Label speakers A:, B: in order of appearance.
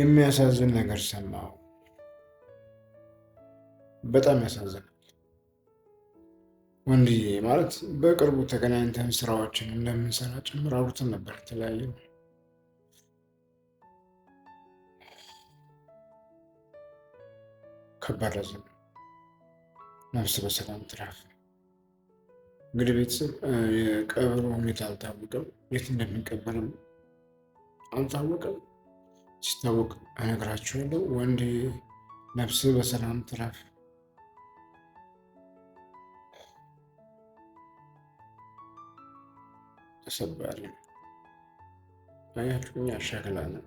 A: የሚያሳዝን ነገር ሰማሁ። በጣም ያሳዝናል ወንድዬ። ማለት በቅርቡ ተገናኝተን ስራዎችን እንደምንሰራ ጭምር አውርተን ነበር። የተለያየ ከባድ ሐዘን። ነፍስ በሰላም ትራፍ። እንግዲህ ቤተሰብ የቀብሩ ሁኔታ አልታወቀም፣ የት እንደሚቀበርም አልታወቀም። ሲታወቅ እነግራችኋለሁ። ወንድ ነፍስ በሰላም ትረፍ። ተሰባሪ እኛ አሻግላ ነው።